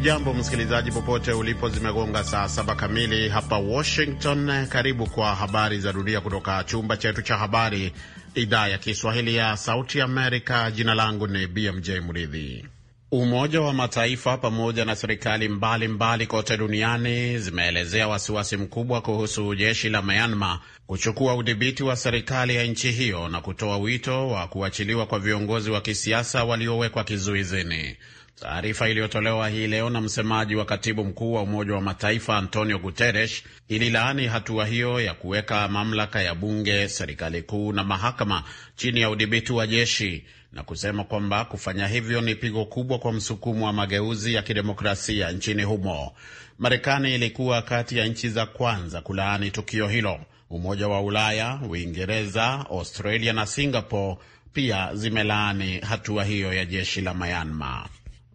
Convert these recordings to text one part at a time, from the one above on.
Ujambo msikilizaji, popote ulipo. Zimegonga saa saba kamili hapa Washington. Karibu kwa habari za dunia kutoka chumba chetu cha habari, idhaa ya Kiswahili ya Sauti Amerika. Jina langu ni BMJ Mridhi. Umoja wa Mataifa pamoja na serikali mbalimbali kote duniani zimeelezea wasiwasi mkubwa kuhusu jeshi la Myanmar kuchukua udhibiti wa serikali ya nchi hiyo na kutoa wito wa kuachiliwa kwa viongozi wa kisiasa waliowekwa kizuizini. Taarifa iliyotolewa hii leo na msemaji wa katibu mkuu wa Umoja wa Mataifa Antonio Guterres ililaani hatua hiyo ya kuweka mamlaka ya bunge, serikali kuu na mahakama chini ya udhibiti wa jeshi na kusema kwamba kufanya hivyo ni pigo kubwa kwa msukumo wa mageuzi ya kidemokrasia nchini humo. Marekani ilikuwa kati ya nchi za kwanza kulaani tukio hilo. Umoja wa Ulaya, Uingereza, Australia na Singapore pia zimelaani hatua hiyo ya jeshi la Myanmar.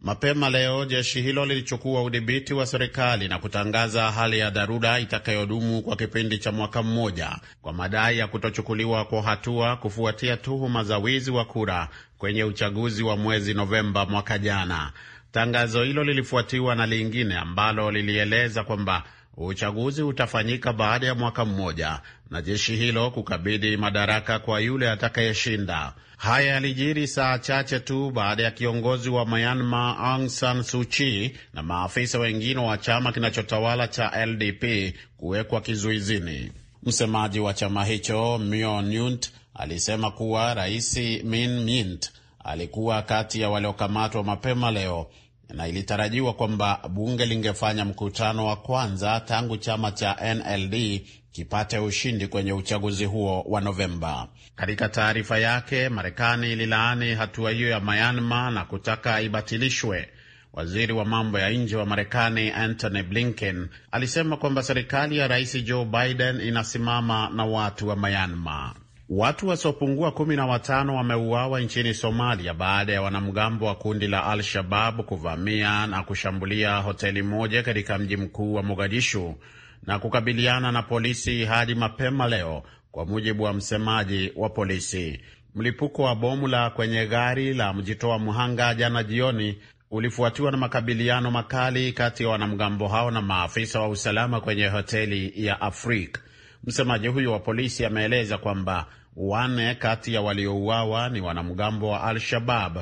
Mapema leo jeshi hilo lilichukua udhibiti wa serikali na kutangaza hali ya dharura itakayodumu kwa kipindi cha mwaka mmoja kwa madai ya kutochukuliwa kwa hatua kufuatia tuhuma za wizi wa kura kwenye uchaguzi wa mwezi Novemba mwaka jana. Tangazo hilo lilifuatiwa na lingine ambalo lilieleza kwamba uchaguzi utafanyika baada ya mwaka mmoja na jeshi hilo kukabidhi madaraka kwa yule atakayeshinda. Haya yalijiri saa chache tu baada ya kiongozi wa Myanmar Aung San Suu Kyi na maafisa wengine wa chama kinachotawala cha LDP kuwekwa kizuizini. Msemaji wa chama hicho Myo Nyunt alisema kuwa Rais Min mint alikuwa kati ya waliokamatwa mapema leo na ilitarajiwa kwamba bunge lingefanya mkutano wa kwanza tangu chama cha NLD kipate ushindi kwenye uchaguzi huo wa Novemba. Katika taarifa yake, Marekani ililaani hatua hiyo ya Myanmar na kutaka ibatilishwe. Waziri wa mambo ya nje wa Marekani Antony Blinken alisema kwamba serikali ya Rais Joe Biden inasimama na watu wa Myanmar. Watu wasiopungua kumi na watano wameuawa nchini Somalia baada ya wanamgambo wa kundi la Al-Shabab kuvamia na kushambulia hoteli moja katika mji mkuu wa Mogadishu na kukabiliana na polisi hadi mapema leo, kwa mujibu wa msemaji wa polisi. Mlipuko wa bomu la kwenye gari la mjitoa mhanga jana jioni ulifuatiwa na makabiliano makali kati ya wanamgambo hao na maafisa wa usalama kwenye hoteli ya Afrika. Msemaji huyo wa polisi ameeleza kwamba wanne kati ya waliouawa ni wanamgambo wa Al-Shabab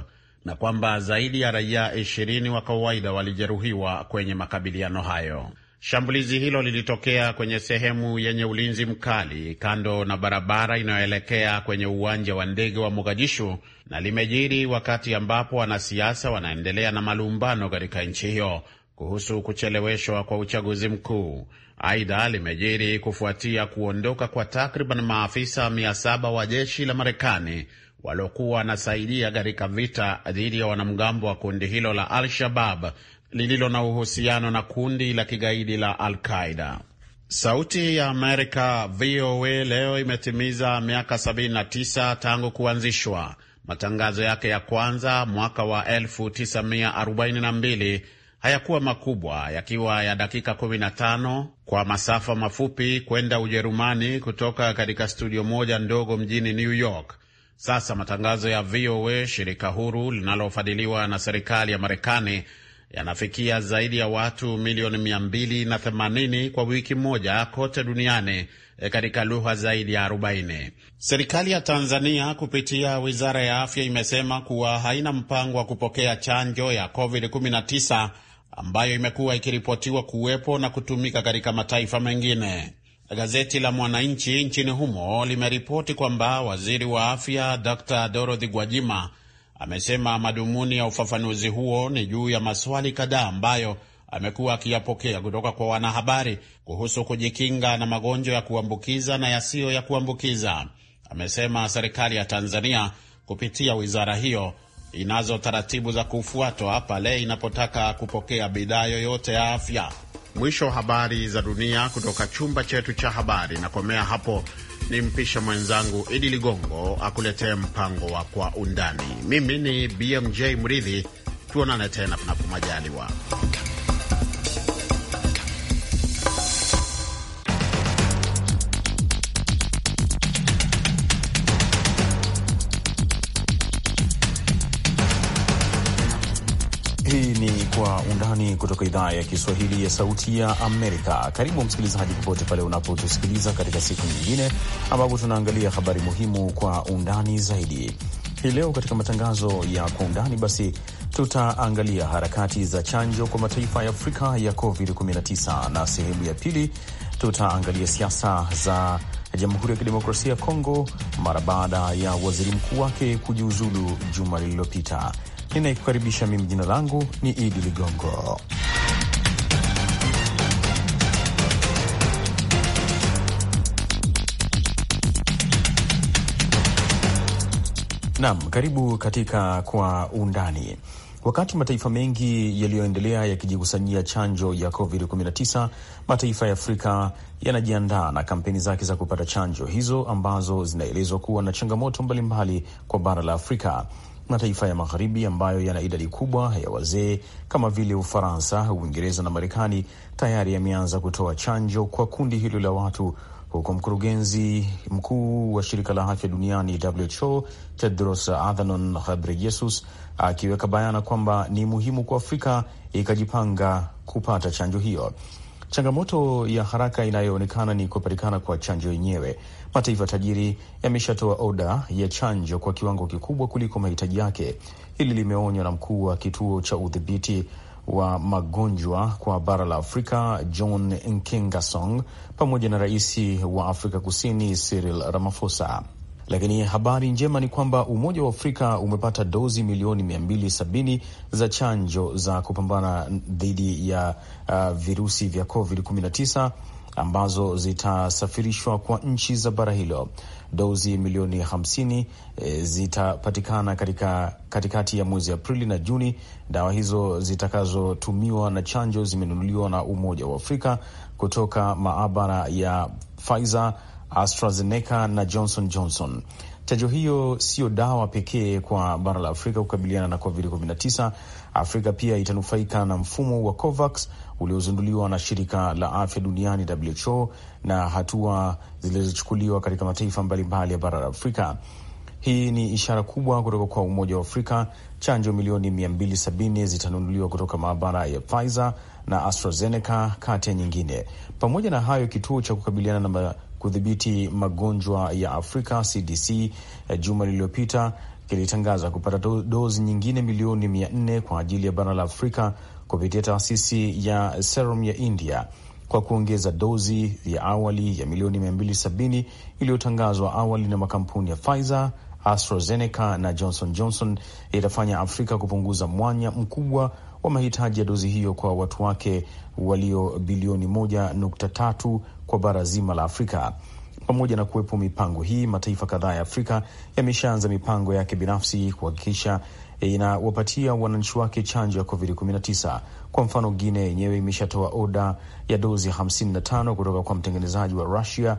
na kwamba zaidi ya raia ishirini wa kawaida walijeruhiwa kwenye makabiliano hayo. Shambulizi hilo lilitokea kwenye sehemu yenye ulinzi mkali kando na barabara inayoelekea kwenye uwanja wa ndege wa Mogadishu na limejiri wakati ambapo wanasiasa wanaendelea na malumbano katika nchi hiyo kuhusu kucheleweshwa kwa uchaguzi mkuu. Aidha, limejiri kufuatia kuondoka kwa takriban maafisa 700 wa jeshi la Marekani waliokuwa wanasaidia katika vita dhidi ya wanamgambo wa kundi hilo la Al-Shabab lililo na uhusiano na kundi la kigaidi la Al-Qaida. Sauti ya Amerika VOA leo imetimiza miaka 79 tangu kuanzishwa matangazo yake ya kwanza mwaka wa 1942 hayakuwa makubwa, yakiwa ya dakika 15 kwa masafa mafupi kwenda Ujerumani kutoka katika studio moja ndogo mjini New York. Sasa matangazo ya VOA, shirika huru linalofadhiliwa na serikali ya Marekani, yanafikia zaidi ya watu milioni 280 kwa wiki moja kote duniani eh, katika lugha zaidi ya 40. Serikali ya Tanzania kupitia Wizara ya Afya imesema kuwa haina mpango wa kupokea chanjo ya COVID-19 ambayo imekuwa ikiripotiwa kuwepo na kutumika katika mataifa mengine. Gazeti la Mwananchi nchini humo limeripoti kwamba waziri wa afya Dr Dorothy Gwajima amesema madhumuni ya ufafanuzi huo ni juu ya maswali kadhaa ambayo amekuwa akiyapokea kutoka kwa wanahabari kuhusu kujikinga na magonjwa ya kuambukiza na yasiyo ya kuambukiza. Amesema serikali ya Tanzania kupitia wizara hiyo inazo taratibu za kufuatwa pale inapotaka kupokea bidhaa yoyote ya afya. Mwisho wa habari za dunia kutoka chumba chetu cha habari. Nakomea hapo ni mpisha mwenzangu Idi Ligongo akuletee mpango wa Kwa Undani. Mimi ni BMJ Mridhi, tuonane tena panapo majaliwa. kutoka idhaa ya Kiswahili ya Sauti ya Amerika. Karibu msikilizaji, popote pale unapotusikiliza katika siku nyingine ambapo tunaangalia habari muhimu kwa undani zaidi. Hii leo katika matangazo ya kwa undani, basi tutaangalia harakati za chanjo kwa mataifa ya Afrika ya COVID-19, na sehemu ya pili tutaangalia siasa za Jamhuri ya Kidemokrasia ya Kongo mara baada ya waziri mkuu wake kujiuzulu juma lililopita ninayekukaribisha mimi, jina langu ni Idi Ligongo. Nam, karibu katika Kwa Undani. Wakati mataifa mengi yaliyoendelea yakijikusanyia chanjo ya COVID-19, mataifa ya Afrika yanajiandaa na kampeni zake za kupata chanjo hizo ambazo zinaelezwa kuwa na changamoto mbalimbali mbali kwa bara la Afrika mataifa ya magharibi ambayo yana idadi kubwa ya wazee kama vile Ufaransa, Uingereza na Marekani tayari yameanza kutoa chanjo kwa kundi hilo la watu, huku mkurugenzi mkuu wa shirika la afya duniani WHO Tedros Adhanom Ghebreyesus akiweka bayana kwamba ni muhimu kwa Afrika ikajipanga kupata chanjo hiyo. Changamoto ya haraka inayoonekana ni kupatikana kwa chanjo yenyewe. Mataifa tajiri yameshatoa oda ya chanjo kwa kiwango kikubwa kuliko mahitaji yake. Hili limeonywa na mkuu wa kituo cha udhibiti wa magonjwa kwa bara la Afrika John Nkengasong pamoja na rais wa Afrika Kusini Cyril Ramaphosa. Lakini habari njema ni kwamba Umoja wa Afrika umepata dozi milioni 270 za chanjo za kupambana dhidi ya uh, virusi vya COVID-19 ambazo zitasafirishwa kwa nchi za bara hilo. Dozi milioni 50 e, eh, zitapatikana katika katikati ya mwezi Aprili na Juni. Dawa hizo zitakazotumiwa na chanjo zimenunuliwa na Umoja wa Afrika kutoka maabara ya Pfizer AstraZeneca na Johnson Johnson. Chanjo hiyo siyo dawa pekee kwa bara la Afrika kukabiliana na COVID-19. Afrika pia itanufaika na mfumo wa COVAX uliozinduliwa na shirika la afya duniani WHO na hatua zilizochukuliwa katika mataifa mbalimbali ya bara la Afrika. Hii ni ishara kubwa kutoka kwa Umoja wa Afrika. Chanjo milioni 270 zitanunuliwa kutoka maabara ya Pfizer na AstraZeneca kati ya nyingine. Pamoja na hayo, kituo cha kukabiliana na kudhibiti magonjwa ya Afrika CDC eh, juma lililopita kilitangaza kupata do dozi nyingine milioni mia nne kwa ajili ya bara la Afrika kupitia taasisi ya Serum ya India kwa kuongeza dozi ya awali ya milioni sabini iliyotangazwa awali na makampuni ya Pfizer, AstraZeneca na Johnson Johnson itafanya Afrika kupunguza mwanya mkubwa wa mahitaji ya dozi hiyo kwa watu wake walio bilioni moja nukta tatu kwa bara zima la Afrika. Pamoja na kuwepo mipango hii, mataifa kadhaa ya Afrika yameshaanza mipango yake binafsi kuhakikisha inawapatia wananchi wake chanjo ya COVID-19. Kwa mfano, Guinea yenyewe imeshatoa oda ya dozi 55 kutoka kwa mtengenezaji wa Russia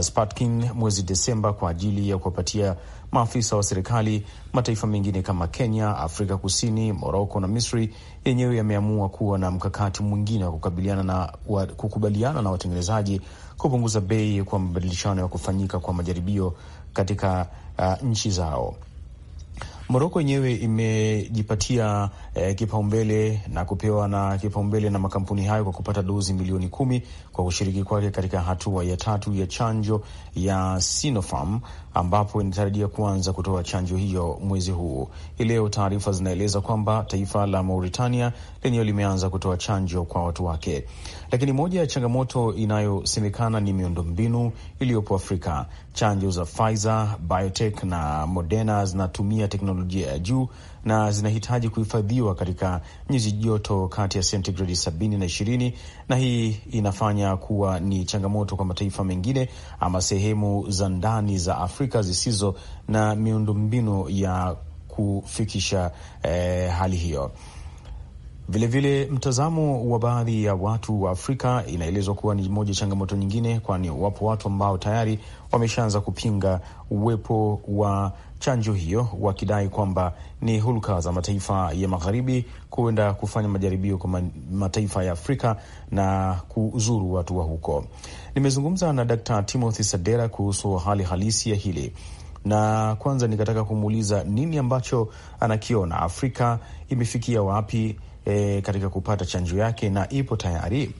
Sputnik mwezi Desemba kwa ajili ya kuwapatia maafisa wa serikali. Mataifa mengine kama Kenya, Afrika Kusini, Moroko na Misri yenyewe yameamua kuwa na mkakati mwingine wa kukabiliana na wa, kukubaliana na watengenezaji kupunguza bei kwa mabadilishano ya kufanyika kwa majaribio katika uh, nchi zao. Moroko yenyewe imejipatia eh, kipaumbele na kupewa na kipaumbele na makampuni hayo kwa kupata dozi milioni kumi kwa kushiriki kwake katika hatua ya tatu ya chanjo ya Sinopharm ambapo inatarajia kuanza kutoa chanjo hiyo mwezi huu. Hii leo taarifa zinaeleza kwamba taifa la Mauritania lenyewe limeanza kutoa chanjo kwa watu wake, lakini moja ya changamoto inayosemekana ni miundombinu iliyopo Afrika. Chanjo za Pfizer, BioNTech na Moderna zinatumia teknolojia ya juu na zinahitaji kuhifadhiwa katika nyuzi joto kati ya sentigredi sabini na ishirini, na hii inafanya kuwa ni changamoto kwa mataifa mengine ama sehemu za ndani za Afrika zisizo na miundombinu ya kufikisha eh, hali hiyo. Vilevile, mtazamo wa baadhi ya watu wa Afrika inaelezwa kuwa ni moja changamoto nyingine, kwani wapo watu ambao tayari wameshaanza kupinga uwepo wa chanjo hiyo, wakidai kwamba ni hulka za mataifa ya magharibi kuenda kufanya majaribio kwa mataifa ya Afrika na kuzuru watu wa huko. Nimezungumza na Dkt. Timothy Sadera kuhusu hali halisi ya hili na kwanza nikataka kumuuliza nini ambacho anakiona Afrika imefikia wapi, e, katika kupata chanjo yake na ipo tayari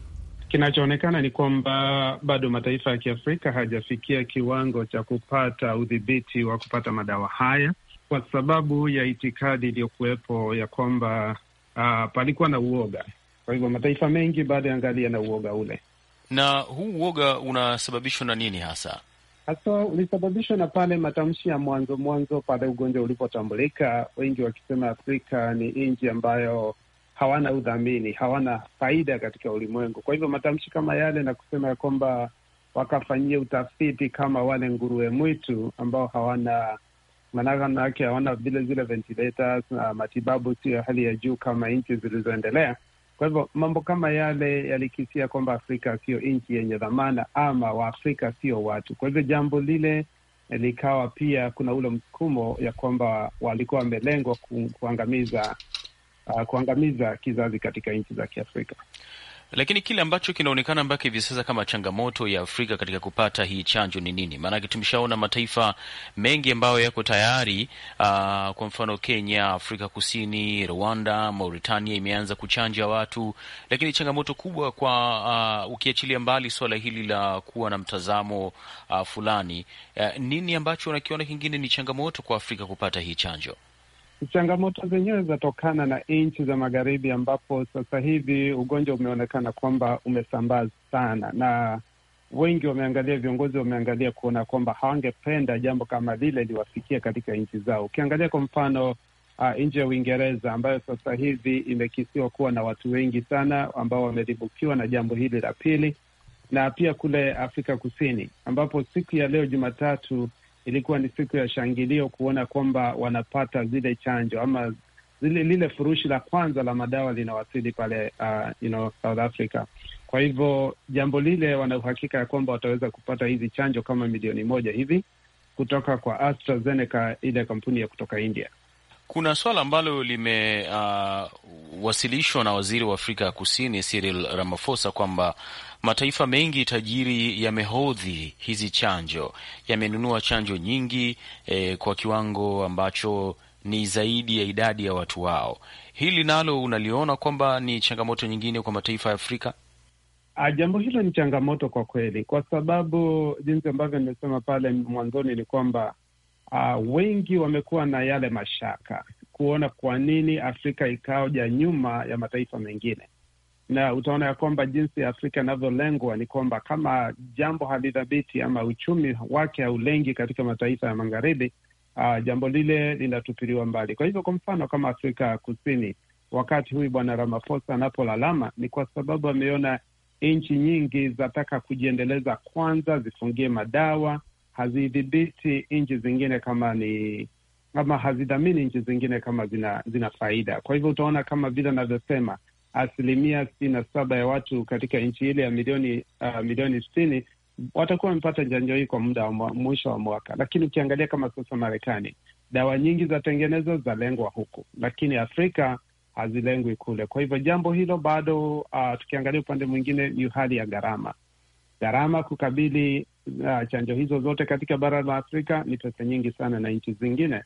Kinachoonekana ni kwamba bado mataifa ya Kiafrika hayajafikia kiwango cha kupata udhibiti wa kupata madawa haya kwa sababu ya itikadi iliyokuwepo ya kwamba uh, palikuwa na uoga. Kwa hivyo mataifa mengi bado yangali yana uoga ule. Na huu uoga unasababishwa na nini hasa? Hasa ulisababishwa na pale matamshi ya mwanzo mwanzo pale ugonjwa ulipotambulika, wengi wakisema Afrika ni nchi ambayo hawana udhamini, hawana faida katika ulimwengu. Kwa hivyo matamshi kama yale na kusema ya kwamba wakafanyia utafiti kama wale nguruwe mwitu ambao hawana manake hawana vile zile ventilators na matibabu sio ya hali ya juu kama nchi zilizoendelea. Kwa hivyo mambo kama yale yalikisia kwamba Afrika sio nchi yenye dhamana ama Waafrika sio watu. Kwa hivyo jambo lile likawa pia kuna ule msukumo ya kwamba walikuwa wamelengwa ku, kuangamiza uh, kuangamiza kizazi katika nchi za Kiafrika. Lakini kile ambacho kinaonekana mpaka hivi sasa kama changamoto ya Afrika katika kupata hii chanjo ni nini? Maanake tumeshaona mataifa mengi ambayo yako tayari uh, kwa mfano Kenya, Afrika Kusini, Rwanda, Mauritania imeanza kuchanja watu, lakini changamoto kubwa kwa uh, ukiachilia mbali suala hili la kuwa na mtazamo uh, fulani uh, nini ambacho unakiona kingine ni changamoto kwa Afrika kupata hii chanjo? Changamoto zenyewe zinatokana na nchi za magharibi, ambapo sasa hivi ugonjwa umeonekana kwamba umesambaa sana, na wengi wameangalia, viongozi wameangalia kuona kwamba hawangependa jambo kama lile liwafikia katika nchi zao. Ukiangalia kwa mfano Uh, nchi ya Uingereza ambayo sasa hivi imekisiwa kuwa na watu wengi sana ambao wameribukiwa na jambo hili la pili, na pia kule Afrika Kusini ambapo siku ya leo Jumatatu ilikuwa ni siku ya shangilio kuona kwamba wanapata zile chanjo ama zile lile furushi la kwanza la madawa linawasili pale uh, you know, South Africa. Kwa hivyo jambo lile wana uhakika ya kwamba wataweza kupata hizi chanjo kama milioni moja hivi kutoka kwa AstraZeneca, ile kampuni ya kutoka India. Kuna swala ambalo limewasilishwa uh, na waziri wa Afrika ya Kusini Cyril Ramaphosa kwamba mataifa mengi tajiri yamehodhi hizi chanjo, yamenunua chanjo nyingi eh, kwa kiwango ambacho ni zaidi ya idadi ya watu wao. Hili nalo unaliona kwamba ni changamoto nyingine kwa mataifa ya Afrika? Ah, jambo hilo ni changamoto kwa kweli, kwa sababu jinsi ambavyo nimesema pale mwanzoni ni kwamba uh, wengi wamekuwa na yale mashaka kuona kwa nini Afrika ikaoja nyuma ya mataifa mengine, na utaona ya kwamba jinsi Afrika inavyolengwa ni kwamba kama jambo halidhabiti ama uchumi wake haulengi katika mataifa ya magharibi, uh, jambo lile linatupiliwa mbali. Kwa hivyo, kwa mfano kama Afrika ya Kusini, wakati huyu Bwana Ramaphosa anapolalama ni kwa sababu ameona nchi nyingi zataka kujiendeleza kwanza, zifungie madawa hazidhibiti nchi zingine kama ni ama hazidhamini nchi zingine kama zina, zina faida. Kwa hivyo utaona kama vile anavyosema asilimia sitini na saba ya watu katika nchi ile ya milioni uh, milioni sitini watakuwa wamepata chanjo hii kwa muda wa mwisho wa mwaka. Lakini ukiangalia kama sasa Marekani, dawa nyingi zatengenezwa zalengwa huku, lakini Afrika hazilengwi kule. Kwa hivyo jambo hilo bado, uh, tukiangalia upande mwingine, ni hali ya gharama, gharama kukabili uh, chanjo hizo zote katika bara la Afrika ni pesa nyingi sana, na nchi zingine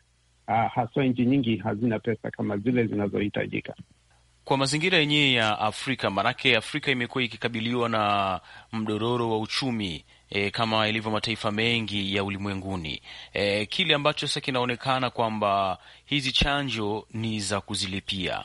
uh, haswa nchi nyingi hazina pesa kama zile zinazohitajika kwa mazingira yenyewe ya Afrika, maanake Afrika imekuwa ikikabiliwa na mdororo wa uchumi e, kama ilivyo mataifa mengi ya ulimwenguni. E, kile ambacho sasa kinaonekana kwamba hizi chanjo ni za kuzilipia. A,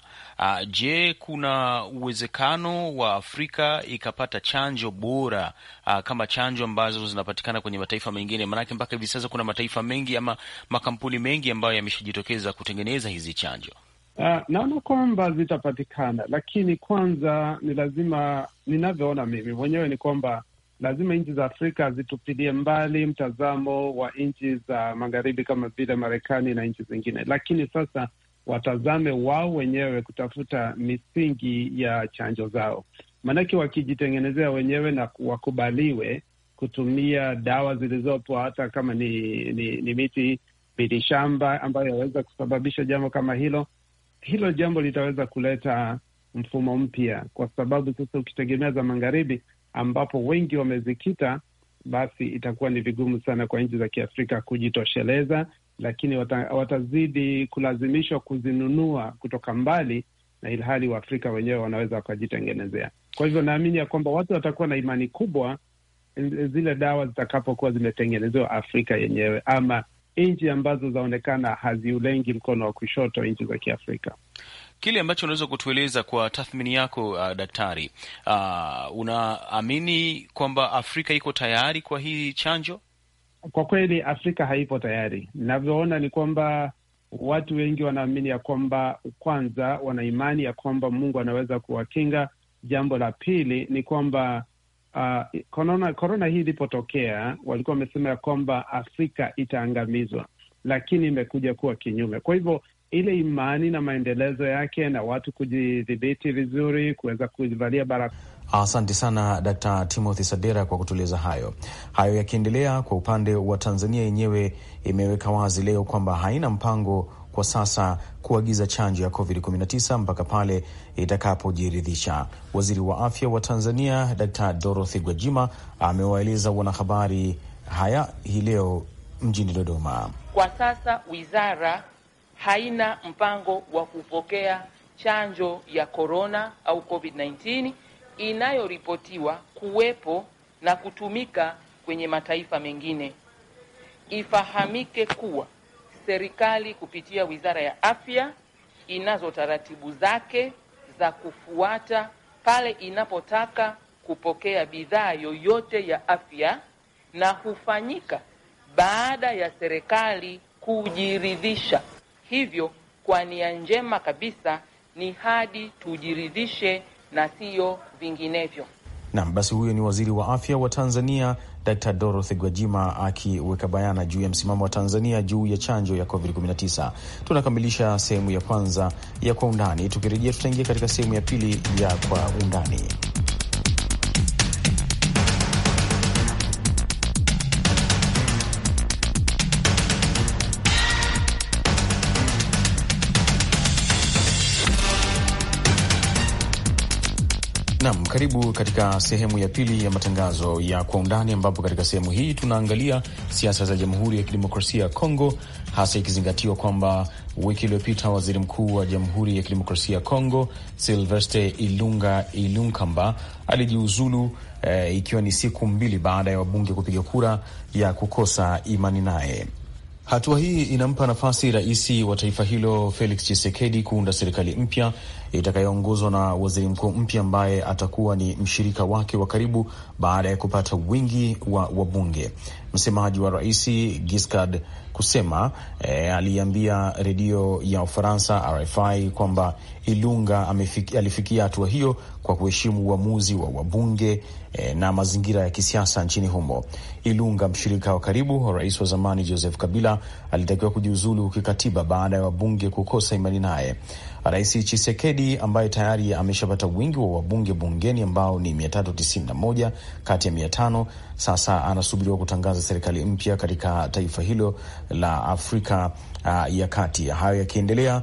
ah, je, kuna uwezekano wa Afrika ikapata chanjo bora a, ah, kama chanjo ambazo zinapatikana kwenye mataifa mengine? Maanake mpaka hivi sasa kuna mataifa mengi ama makampuni mengi ambayo yameshajitokeza kutengeneza hizi chanjo. Uh, naona kwamba zitapatikana, lakini kwanza ni lazima, ninavyoona mimi mwenyewe ni kwamba lazima nchi za Afrika zitupilie mbali mtazamo wa nchi za magharibi kama vile Marekani na nchi zingine, lakini sasa watazame wao wenyewe kutafuta misingi ya chanjo zao, maanake wakijitengenezea wenyewe na wakubaliwe kutumia dawa zilizopo, hata kama ni, ni, ni miti miti shamba ambayo yaweza kusababisha jambo kama hilo, hilo jambo litaweza kuleta mfumo mpya, kwa sababu sasa ukitegemea za magharibi ambapo wengi wamezikita, basi itakuwa ni vigumu sana kwa nchi za Kiafrika kujitosheleza, lakini wata, watazidi kulazimishwa kuzinunua kutoka mbali, na ilhali Waafrika wenyewe wanaweza wakajitengenezea. Kwa hivyo naamini ya kwamba watu watakuwa na imani kubwa eh, zile dawa zitakapokuwa zimetengenezewa Afrika yenyewe ama nchi ambazo zaonekana haziulengi mkono wa kushoto, nchi za Kiafrika. Kile ambacho unaweza kutueleza kwa tathmini yako, uh, daktari, uh, unaamini kwamba Afrika iko tayari kwa hii chanjo? Kwa kweli Afrika haipo tayari. Ninavyoona ni kwamba watu wengi wanaamini ya kwamba, kwanza, wana imani ya kwamba Mungu anaweza kuwakinga. Jambo la pili ni kwamba korona uh, korona hii ilipotokea walikuwa wamesema ya kwamba Afrika itaangamizwa, lakini imekuja kuwa kinyume. Kwa hivyo ile imani na maendelezo yake na watu kujidhibiti vizuri, kuweza kuvalia barakoa. Asante sana Dkt. Timothy Sadera kwa kutueleza hayo. Hayo yakiendelea, kwa upande wa Tanzania yenyewe imeweka wazi leo kwamba haina mpango kwa sasa kuagiza chanjo ya COVID-19 mpaka pale itakapojiridhisha. Waziri wa afya wa Tanzania Dkt. Dorothy Gwajima amewaeleza wanahabari haya hii leo mjini Dodoma. Kwa sasa wizara haina mpango wa kupokea chanjo ya korona au COVID-19 inayoripotiwa kuwepo na kutumika kwenye mataifa mengine. Ifahamike kuwa serikali kupitia Wizara ya Afya inazo taratibu zake za kufuata pale inapotaka kupokea bidhaa yoyote ya afya, na hufanyika baada ya serikali kujiridhisha. Hivyo kwa nia njema kabisa ni hadi tujiridhishe na siyo vinginevyo. Naam, basi huyo ni waziri wa afya wa Tanzania Dkt Dorothy Gwajima akiweka bayana juu ya msimamo wa Tanzania juu ya chanjo ya COVID-19. Tunakamilisha sehemu ya kwanza ya Kwa Undani. Tukirejea, tutaingia katika sehemu ya pili ya Kwa Undani. Karibu katika sehemu ya pili ya matangazo ya kwa undani, ambapo katika sehemu hii tunaangalia siasa za Jamhuri ya Kidemokrasia ya Kongo, hasa ikizingatiwa kwamba wiki iliyopita waziri mkuu wa Jamhuri ya Kidemokrasia ya Kongo Silvestre Ilunga Ilunkamba alijiuzulu eh, ikiwa ni siku mbili baada ya wabunge kupiga kura ya kukosa imani naye. Hatua hii inampa nafasi rais wa taifa hilo Felix Tshisekedi kuunda serikali mpya itakayoongozwa na waziri mkuu mpya ambaye atakuwa ni mshirika wake wa karibu baada ya kupata wingi wa wabunge msemaji wa rais Giscard kusema e, aliambia redio ya Ufaransa RFI kwamba Ilunga amefiki, alifikia hatua hiyo kwa kuheshimu uamuzi wa wabunge e, na mazingira ya kisiasa nchini humo. Ilunga, mshirika wa karibu wa rais wa zamani Joseph Kabila, alitakiwa kujiuzulu kikatiba baada ya wabunge kukosa imani naye. Rais Chisekedi ambaye tayari ameshapata wingi wa wabunge bungeni ambao ni 391 kati ya sasa anasubiriwa kutangaza serikali mpya katika taifa hilo la Afrika uh, ya kati. Hayo yakiendelea,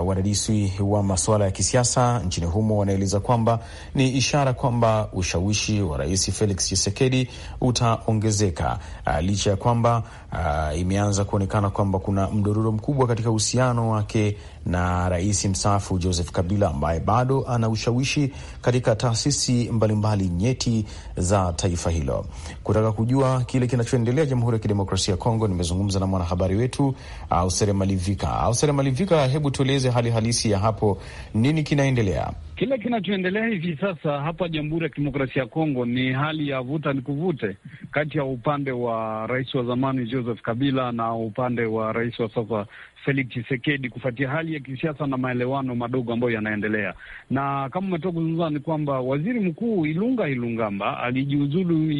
uh, wadadisi wa masuala ya kisiasa nchini humo wanaeleza kwamba ni ishara kwamba ushawishi wa Rais Felix Tshisekedi utaongezeka, uh, licha ya kwamba uh, imeanza kuonekana kwamba kuna mdororo mkubwa katika uhusiano wake na rais mstaafu Joseph Kabila ambaye bado ana ushawishi katika taasisi mbalimbali mbali nyeti za taifa hilo kutaka kujua kile kinachoendelea Jamhuri ya Kidemokrasia ya Kongo. Nimezungumza na mwanahabari wetu uh, Ausere Malivika. Ausere Malivika, hebu tueleze hali halisi ya hapo, nini kinaendelea? Kile kinachoendelea hivi sasa hapa Jamhuri ya Kidemokrasia ya Kongo ni hali ya vuta ni kuvute kati ya upande wa rais wa zamani Joseph Kabila na upande wa rais wa sasa Felix Chisekedi kufuatia hali ya kisiasa na maelewano madogo ambayo yanaendelea. Na kama umetoka kuzungumza, ni kwamba waziri mkuu Ilunga Ilungamba alijiuzulu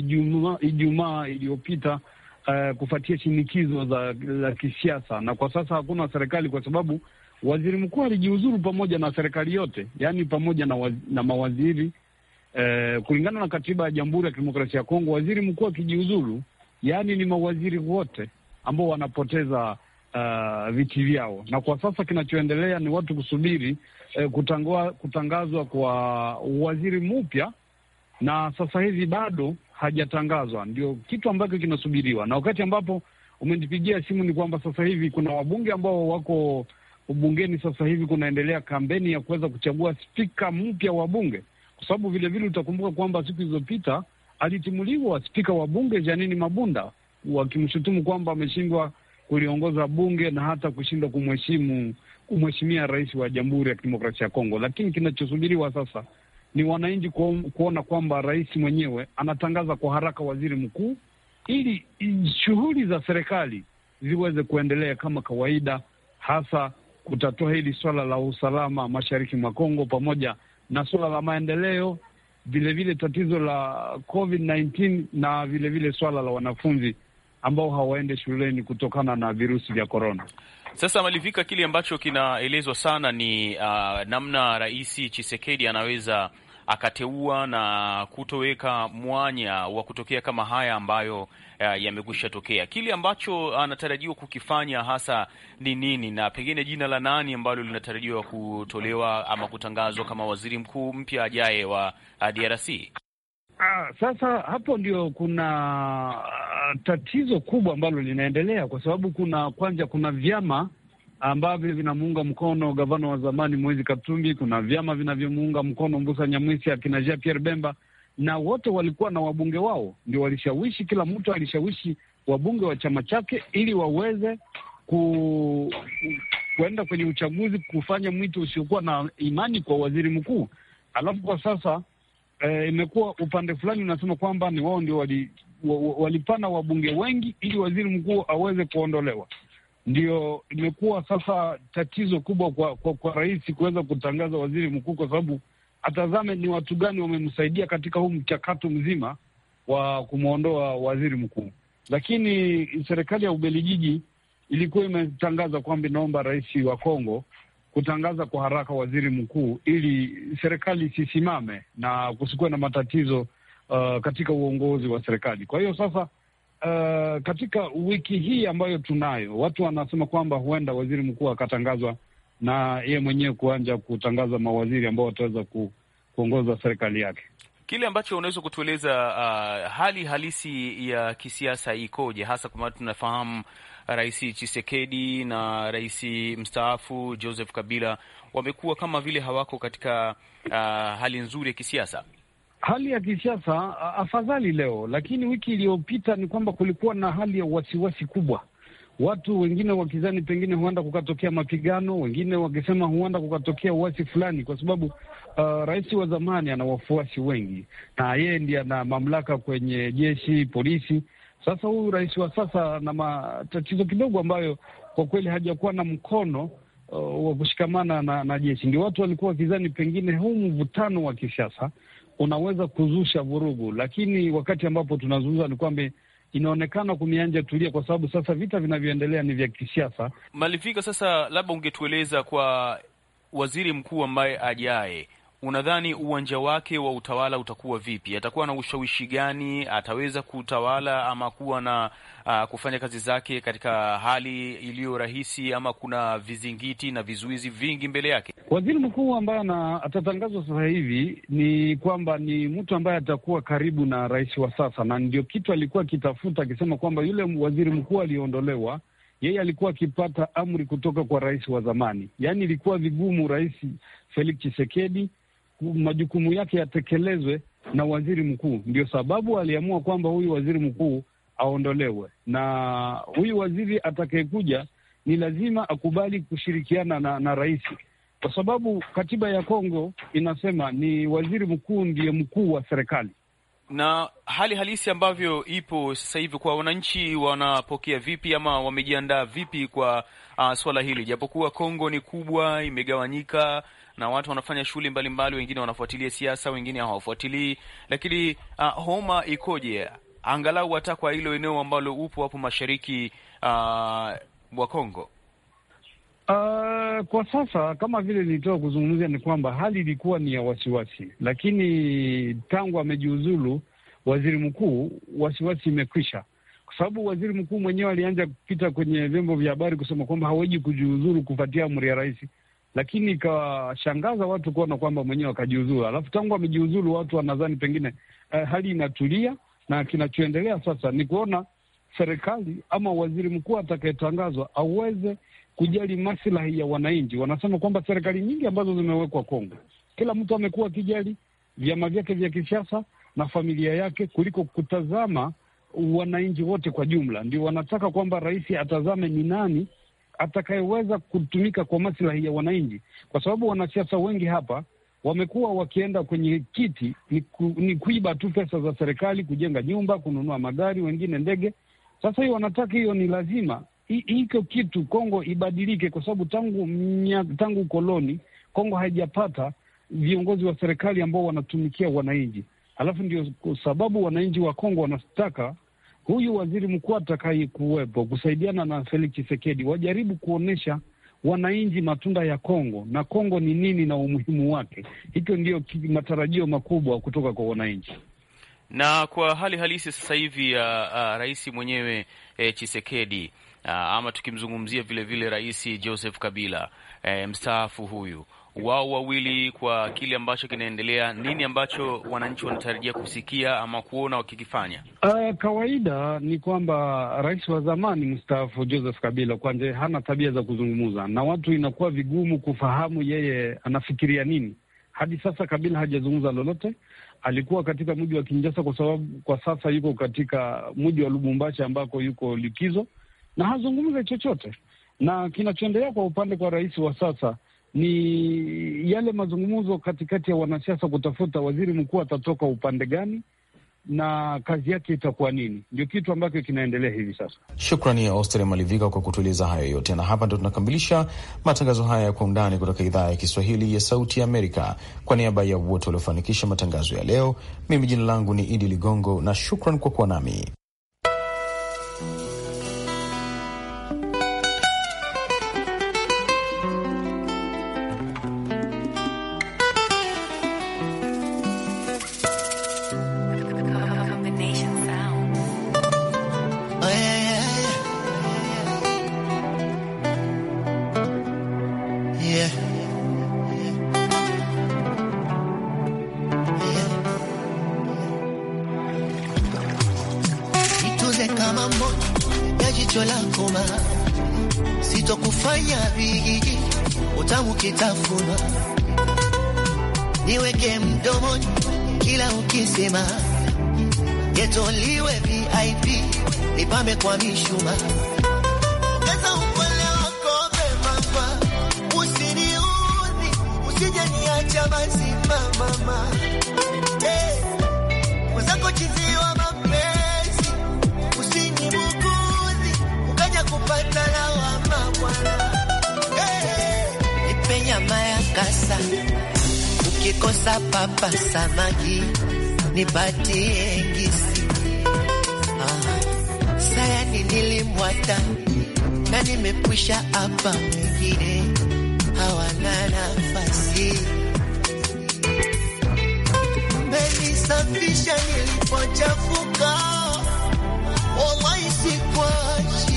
Ijumaa iliyopita uh, kufuatia shinikizo za, la kisiasa, na kwa sasa hakuna serikali kwa sababu waziri mkuu alijiuzulu pamoja na serikali yote, yaani pamoja na, waz, na mawaziri uh, kulingana na katiba ya Jamhuri ya Kidemokrasia ya Kongo, waziri mkuu akijiuzulu, yaani ni mawaziri wote ambao wanapoteza uh, viti vyao, na kwa sasa kinachoendelea ni watu kusubiri eh, kutangua, kutangazwa kwa waziri mpya, na sasa hivi bado hajatangazwa, ndio kitu ambacho kinasubiriwa. Na wakati ambapo umenipigia simu ni kwamba sasa hivi kuna wabunge ambao wako bungeni, sasa hivi kunaendelea kampeni ya kuweza kuchagua spika mpya wa bunge, kwa sababu vilevile utakumbuka kwamba siku zilizopita alitimuliwa spika wa bunge Janini Mabunda wakimshutumu kwamba ameshindwa kuliongoza bunge na hata kushindwa kumheshimu kumheshimia rais wa Jamhuri ya Kidemokrasia ya Kongo. Lakini kinachosubiriwa sasa ni wananchi kuona kwamba rais mwenyewe anatangaza kwa haraka waziri mkuu ili shughuli za serikali ziweze kuendelea kama kawaida, hasa kutatua hili swala la usalama mashariki mwa Kongo pamoja na swala la maendeleo, vilevile tatizo la COVID-19 na vilevile swala la wanafunzi ambao hawaende shuleni kutokana na virusi vya korona. Sasa malivika, kile ambacho kinaelezwa sana ni uh, namna Rais Chisekedi anaweza akateua na kutoweka mwanya wa kutokea kama haya ambayo uh, yamekwisha tokea. Kile ambacho anatarajiwa kukifanya hasa ni nini, na pengine jina la nani ambalo linatarajiwa kutolewa ama kutangazwa kama waziri mkuu mpya ajaye wa uh, DRC? Ah, sasa hapo ndio kuna ah, tatizo kubwa ambalo linaendelea kwa sababu kuna kwanza, kuna vyama ambavyo vinamuunga mkono gavana wa zamani mwezi Katumbi, kuna vyama vinavyomuunga mkono Mbusa Nyamwisi, akina Jean Pierre Bemba, na wote walikuwa na wabunge wao, ndio walishawishi, kila mtu alishawishi wabunge wa chama chake ili waweze ku kuenda kwenye uchaguzi kufanya mwito usiokuwa na imani kwa waziri mkuu. Alafu kwa sasa eh, imekuwa upande fulani unasema kwamba ni wao ndio wali, walipana wabunge wengi ili waziri mkuu aweze kuondolewa. Ndio imekuwa sasa tatizo kubwa kwa, kwa, kwa rais kuweza kutangaza waziri mkuu, kwa sababu atazame ni watu gani wamemsaidia katika huu mchakato mzima wa kumwondoa waziri mkuu. Lakini serikali ya Ubelijiji ilikuwa imetangaza kwamba inaomba rais wa Kongo kutangaza kwa haraka waziri mkuu ili serikali isisimame na kusikuwe na matatizo uh, katika uongozi wa serikali. Kwa hiyo sasa, uh, katika wiki hii ambayo tunayo, watu wanasema kwamba huenda waziri mkuu akatangazwa na yeye mwenyewe kuanja kutangaza mawaziri ambao wataweza ku, kuongoza serikali yake. Kile ambacho unaweza kutueleza uh, hali halisi ya kisiasa ikoje, hasa kwa maana tunafahamu uh, Rais Chisekedi na rais mstaafu Joseph Kabila wamekuwa kama vile hawako katika uh, hali nzuri ya kisiasa. Hali ya kisiasa uh, afadhali leo, lakini wiki iliyopita ni kwamba kulikuwa na hali ya wasiwasi kubwa watu wengine wakizani pengine huenda kukatokea mapigano, wengine wakisema huenda kukatokea uasi fulani, kwa sababu uh, rais wa zamani ana wafuasi wengi na yeye ndiye ana mamlaka kwenye jeshi, polisi. Sasa huyu rais wa sasa ana matatizo kidogo ambayo kwa kweli hajakuwa na mkono uh, wa kushikamana na, na jeshi. Ndio watu walikuwa wakizani pengine huu mvutano wa kisiasa unaweza kuzusha vurugu, lakini wakati ambapo tunazungumza ni kwamba inaonekana kumianja tulia, kwa sababu sasa vita vinavyoendelea ni vya kisiasa. Malifika, sasa labda ungetueleza kwa waziri mkuu ambaye ajaye Unadhani uwanja wake wa utawala utakuwa vipi? Atakuwa na ushawishi gani? Ataweza kutawala ama kuwa na uh, kufanya kazi zake katika hali iliyo rahisi, ama kuna vizingiti na vizuizi vingi mbele yake? Waziri mkuu ambaye atatangazwa sasa hivi ni kwamba ni mtu ambaye atakuwa karibu na rais wa sasa, na ndio kitu alikuwa akitafuta akisema kwamba yule waziri mkuu aliyeondolewa yeye alikuwa akipata amri kutoka kwa rais wa zamani, yaani ilikuwa vigumu rais Felix chisekedi majukumu yake yatekelezwe na waziri mkuu. Ndio sababu aliamua kwamba huyu waziri mkuu aondolewe, na huyu waziri atakayekuja ni lazima akubali kushirikiana na, na rais, kwa sababu katiba ya Kongo inasema ni waziri mkuu ndiye mkuu wa serikali na hali halisi ambavyo ipo sasa hivi kwa wananchi, wanapokea vipi ama wamejiandaa vipi kwa uh, swala hili? Japokuwa Kongo ni kubwa, imegawanyika, na watu wanafanya shughuli mbalimbali, wengine wanafuatilia siasa, wengine hawafuatilii. Lakini uh, homa ikoje angalau hata kwa hilo eneo ambalo upo hapo mashariki uh, wa Kongo? Uh, kwa sasa kama vile nilitoka kuzungumzia ni kwamba hali ilikuwa ni ya wasiwasi, lakini tangu amejiuzulu waziri mkuu wasiwasi imekwisha, kwa sababu waziri mkuu mwenyewe alianza kupita kwenye vyombo vya habari kusema kwamba hawezi kujiuzulu kufuatia amri ya rais lakini ikawashangaza watu kuona kwamba mwenyewe wakajiuzulu. Alafu tangu wamejiuzulu watu wanadhani pengine eh, hali inatulia, na kinachoendelea sasa ni kuona serikali ama waziri mkuu atakayetangazwa aweze kujali maslahi ya wananchi. Wanasema kwamba serikali nyingi ambazo zimewekwa Kongo, kila mtu amekuwa akijali vyama vyake vya kisiasa na familia yake kuliko kutazama wananchi wote kwa jumla. Ndio wanataka kwamba rais atazame ni nani atakayeweza kutumika kwa maslahi ya wananchi, kwa sababu wanasiasa wengi hapa wamekuwa wakienda kwenye kiti ni, ku, ni kuiba tu pesa za serikali, kujenga nyumba, kununua magari, wengine ndege. Sasa hiyo wanataka hiyo, ni lazima hiko kitu Kongo ibadilike, kwa sababu tangu mnya, tangu ukoloni Kongo haijapata viongozi wa serikali ambao wanatumikia wananchi, alafu ndio sababu wananchi wa Kongo wanataka huyu waziri mkuu atakayekuwepo kusaidiana na Felix Tshisekedi wajaribu kuonyesha wananchi matunda ya Kongo na Kongo ni nini na umuhimu wake. Hicho ndiyo matarajio makubwa kutoka kwa wananchi na kwa hali halisi sasa hivi uh, uh, rais mwenyewe eh, Chisekedi uh, ama tukimzungumzia vilevile rais Joseph Kabila eh, mstaafu huyu wao wawili kwa kile ambacho kinaendelea? Nini ambacho wananchi wanatarajia kusikia ama kuona wakikifanya? Uh, kawaida ni kwamba rais wa zamani mstaafu Joseph Kabila kwanje hana tabia za kuzungumza na watu, inakuwa vigumu kufahamu yeye anafikiria nini. Hadi sasa Kabila hajazungumza lolote. Alikuwa katika mji wa Kinshasa kwa sababu kwa sasa yuko katika mji wa Lubumbashi ambako yuko likizo na hazungumze chochote. Na kinachoendelea kwa upande kwa rais wa sasa ni yale mazungumzo katikati ya wanasiasa kutafuta waziri mkuu atatoka upande gani na kazi yake itakuwa nini, ndio kitu ambacho kinaendelea hivi sasa. Shukrani ya Oster Malivika kwa kutueleza hayo yote, na hapa ndo tunakamilisha matangazo haya ya Kwa Undani kutoka idhaa ya Kiswahili ya Sauti ya Amerika. Kwa niaba ya wote waliofanikisha matangazo ya leo, mimi jina langu ni Idi Ligongo na shukran kwa kuwa nami. kutafuna, niweke mdomoni kila ukisema, getoliwe VIP nipambe kwa mishuma Usije niacha basi mama mama Nikikosa papa samaki nipatie ngisi. Ah, sayani nilimwata na nimekwisha hapa, wengine hawana nafasi. Menisafisha nilipochafuka, wallahi sikwachi